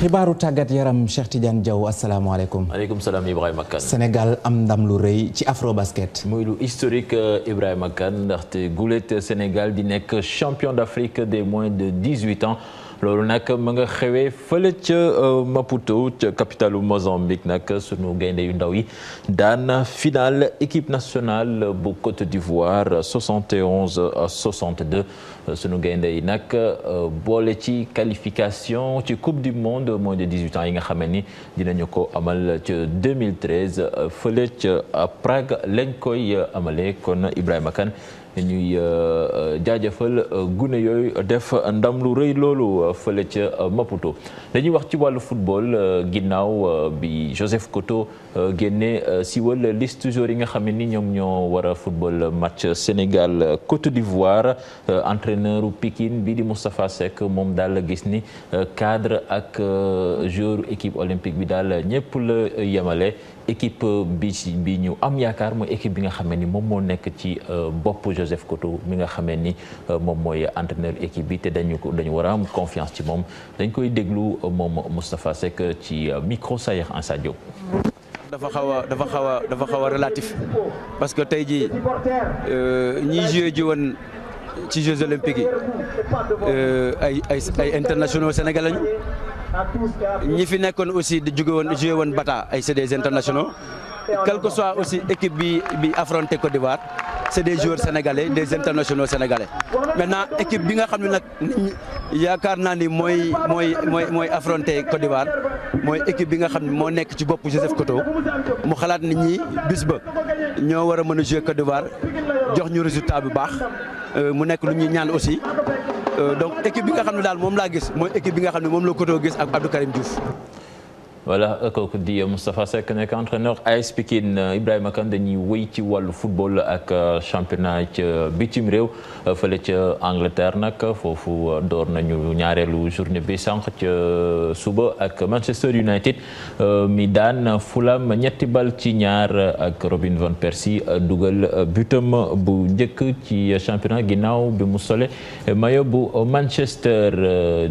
xibaaru tàggat yaram Cheikh Tidiane Diaw asalaamaaleykum. maaleykum salaam Ibrahima Kane. Sénégal am ndam lu rëy ci Afrobasket. muy lu historique euh, Ibrahima Kane ndaxte gulet Sénégal di nekk champion d'Afrique des moins de dix-huit ans. loolu nag ma nga xewee fale ca euh, Maputo ca capitalu Mozambique nag su gaynde yu ndaw yi daan finale équipe nationale bu Côte d'Ivoire 71 62 sunu gaynde yi nag euh, boole ci qualification ci coupe du monde moins de 18 ans yi nga xam ni dinañu ko amal ca 2013 fële ca Prague lañ koy amalee kon Ibrahima ñuy euh, euh, jaajëfal euh, gune yooyu def ndam lu rëy loolu fële ca Maputo dañuy wax ci wàllu football ginnaaw bi Joseph Koto génne siwal liste joueurs yi nga xam ne ni ñoom ñoo war a football match Sénégal Côte d'Ivoire entraîneur Pikine bii di Moustapha moom daal gis ni cadre ak jour équipe olympique bi daal ñëpp la yemale equipe bi bi ñu am yaakaar mooy équipe bi nga xam ni moom moo nekk ci bopp. Joseph Koto mi nga xamee ni euh, moom mooy entraîneur équipe bi te dañu ko dañu war a am confiance ci moom dañ koy déglu euh, moom Moustapha Seck ci euh, micro Sayer en Diop dafa xaw a dafa xaw a dafa xaw a relatif parce que tey ji ñiy joué ji woon ci Jeux olympiques yi ay ay ay internationaux sénégalais lañu ñi fi nekkoon aussi di jóge woon bata ay c'est des internationaux quelle que soit aussi équipe bi bi affronté Côte d'Ivoire c'est des joueurs sénégalais des internationaux sénégalais maintenant équipe bi nga xam ne nag yaakaar naa ni mooy mooy mooy mooy affronté Côte d'Ivoire mooy équipe bi nga xam ni moo nekk ci bopp Joseph Koto mu xalaat nit ñi bis ba ñoo war a mën a jouer Côte d'Ivoire jox ñu résultat bu baax euh, mu nekk lu ñuy ñaan aussi euh, donc équipe bi nga xam ne daal moom laa gis mooy équipe bi nga xam ne moom la Koto gis ak Abdou voilà kooku di Moustapha Seck nekk entraîneur AS Pikine Ibrahima Kane dañuy wéy ci wàllu football ak euh, championnat ca euh, bicim réew euh, fële ca Angleterre nag foofu door nañu ñaareelu journée bi sànq ca suba ak Manchester United mi daan fulam ñetti bal ci ñaar ak Robin van Persie dugal butam bu njëkk ci championnat ginnaaw bi mu sole mayo bu Manchester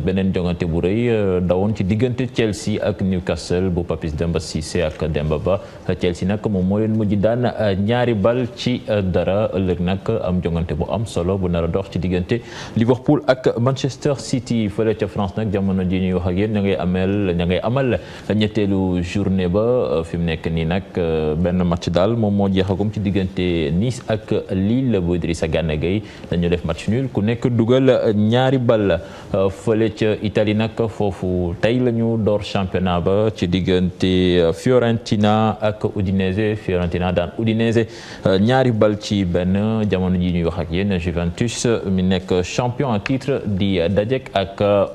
beneen jongante bu rëy dawoon ci diggante Chelsea ak Newcastle Newcastle bu Papis Demba Cissé ak Demba Ba Chelsea nag moom moo leen mujj daan euh, ñaari bal ci euh, dara ëllëg nag am jongante bu am solo bu nar a ci diggante Liverpool ak Manchester City fële ca France nag jamono ji ñuy wax ak yéen ña ngay ña ngay amal ñetteelu journée ba euh, fi mu nekk nii nag benn match daal moom moo jeexagum ci diggante Nice ak Lille bu sa Gana Gueye dañu def match nul ku nekk dugal ñaari bal fële ca Italie nag foofu tey la ñu door championnat ba ci diggante euh, Fiorentina ak Udinese Fiorentina daan Udinese euh, ñaari bal ci benn jamono ji ñuy wax ak yéen Juventus mi nekk champion en titre di dajek ak euh,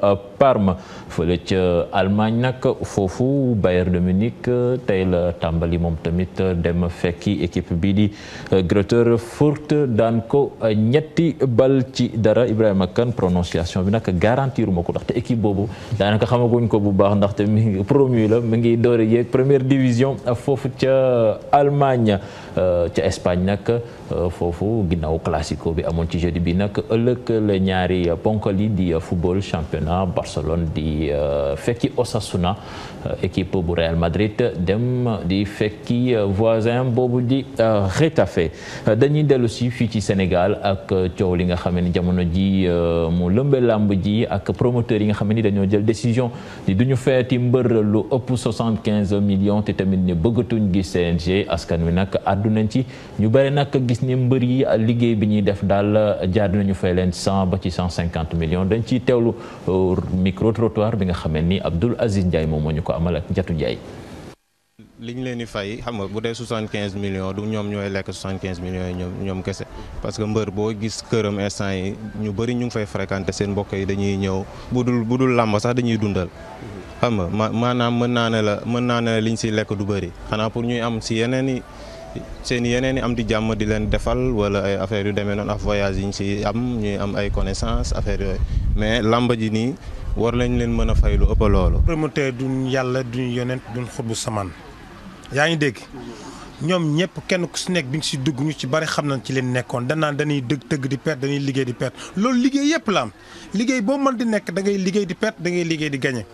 Parme fële ca Allemagne foofu Bayern de Munich euh, tey la tàmbali moom tamit euh, dem fekki équipe bi di euh, Greuther Fürth daan ko ñetti bal ci dara Ibrahima Kane prononciation bi nag garantir ma ko ndaxte équipe boobu daanaka xamaguñ ko bu baax ndaxte mi ngi promu la mi ngi door a yéeg première division foofu ca Allemagne ca Espagne nag foofu ginnaaw classico bi amoon ci jeudi bi nag ëllëg la ñaari ponkal di football championnat Barcelone Barcelone di eh, fekki Osasuna équipe eh, bu Real Madrid dem di fekki eh, voisin boobu di Getafe dañuy dellu si fii ci Sénégal ak coow li nga xam ne jamono ji mu lëmbe làmb ji ak promoteur yi nga xam ni dañoo jël décision di duñu feeti mbër lu ëpp soixante-quinze millions te tamit ni bëggatuñ gis CNG askan wi nag àddu nañ ci ñu bëri nag gis ni mbër yi liggéey bi ñuy def daal jaar nañu fay leen cent ba ci cent cinquante millions dañ ciy teewlu euh, micro trottoir bi nga xamee ni Abdoul Aziz Ndiaye moom moo ñu ko amal ak Njatu Ndiaye. li ñu leen di fay xam nga bu dee soixante quinze millions du ñoom ñooy lekk soixante quinze millions yi ñoom kese parce que mbër boo gis këram instant yi ñu bëri ñu ngi fay fréquenté seen mbokk yi dañuy ñëw bu dul bu dul làmb sax dañuy dundal. xam nga ma maanaam mën naa ne la mën naa ne la liñ si lekk du bëri xanaa pour ñuy am si yeneen i seen yeneen i am di jàmm di leen defal wala ay affaires yu demee noonu ak voyage ñu si am ñuy am ay connaissances affaires yooyu war lañ leen mën a fay lu ëpp loolu. promoteur duñ yàlla duñ yonent duñ xutbu samaan yaa ngi dégg ñoom ñëpp kenn ku si nekk bi nga si dugg ñu ci bari xam nañ ci leen nekkoon danaan dañuy dëgg tëgg di perte dañuy liggéey di perte loolu liggéey yëpp la am liggéey boo mën di nekk da ngay liggéey di perte da ngay liggéey di gagné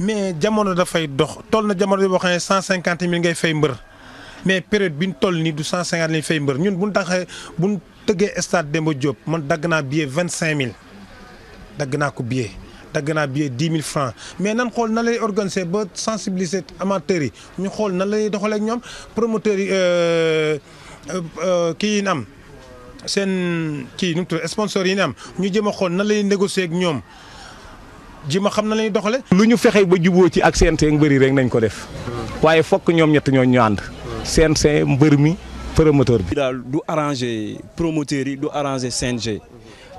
mais jamono dafay dox toll na jamono boo xam ne cent cinquante mille ngay fay mbër mais période bi ñu toll nii du cent cinquante mille fay mbër ñun bu ñu taxee bu ñu tëggee stade Demba man dagg naa billet vingt cinq mille dagg naa ko billet. dagg naa billet dix mille francs mais nan xool nan lay organiser ba sensibiliser amateurs yi ñu xool nan lay doxalee ak ñoom promoteurs yi euh, euh, euh, kii yi am seen ki nu mu tudd sponsors yi am ñu jëm a xool na lay négocier ak ñoom ji a xam na lañuy doxale lu ñu fexe ba juboo ci ak CNG mbëri rek nañ ko def waaye fokk ñoom ñett ñoo ñu ànd. CNG mbër mi promoteur bi. du arranger promoteurs yi du arranger CNG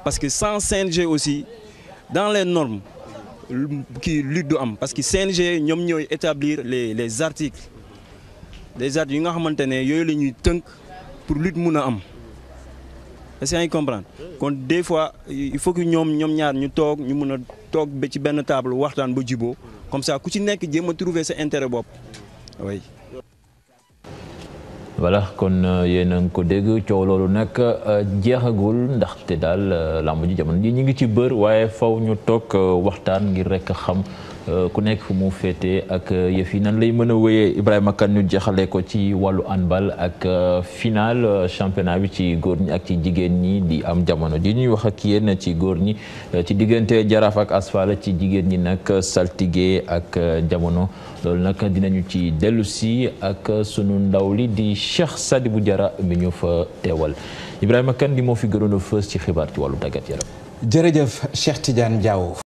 parce que sans CNG aussi. dans les normes kii lutte du am parce que CNG ñoom ñooy établir les les articles les articles yi nga xamante ne yooyu la ñuy tënk pour lutte mun a am est-ce que yaa ngi comprendre kon des fois il faut que ñoom ñoom ñaar ñu toog ñu mun a toog ba ci benn table waxtaan ba jibo comme ça ku ci nekk jéem a trouver sa intérêt bopp voilà kon euh, yéen a ngi ko dégg coow loolu nag euh, jeexagul ndaxte daal euh, làmb ji jamono ji ñu ngi ci bër waaye faw ñu toog waxtaan ngir rek xam Euh, ku nekk fu mu féete ak euh, yëf nan lay mën a wéyee Ibrahima Kane ñu jeexalee ko ci wàllu handball ak euh, final championnat bi ci góor ñi ak ci jigéen ñi di am jamono ji ñuy wax ak yéen ci góor ñi ci diggante Jaraaf ak Asfaal ci jigéen ñi nag saltige ak jamono loolu nag dinañu ci dellu si ak sunu ndaw li di Cheikh Sadibou jara mi ñu fa teewal Ibrahima kan di moo fi gënoon a fës ci xibaar ci wàllu tàggat yaram. jërëjëf Cheikh Tidiane Diaw.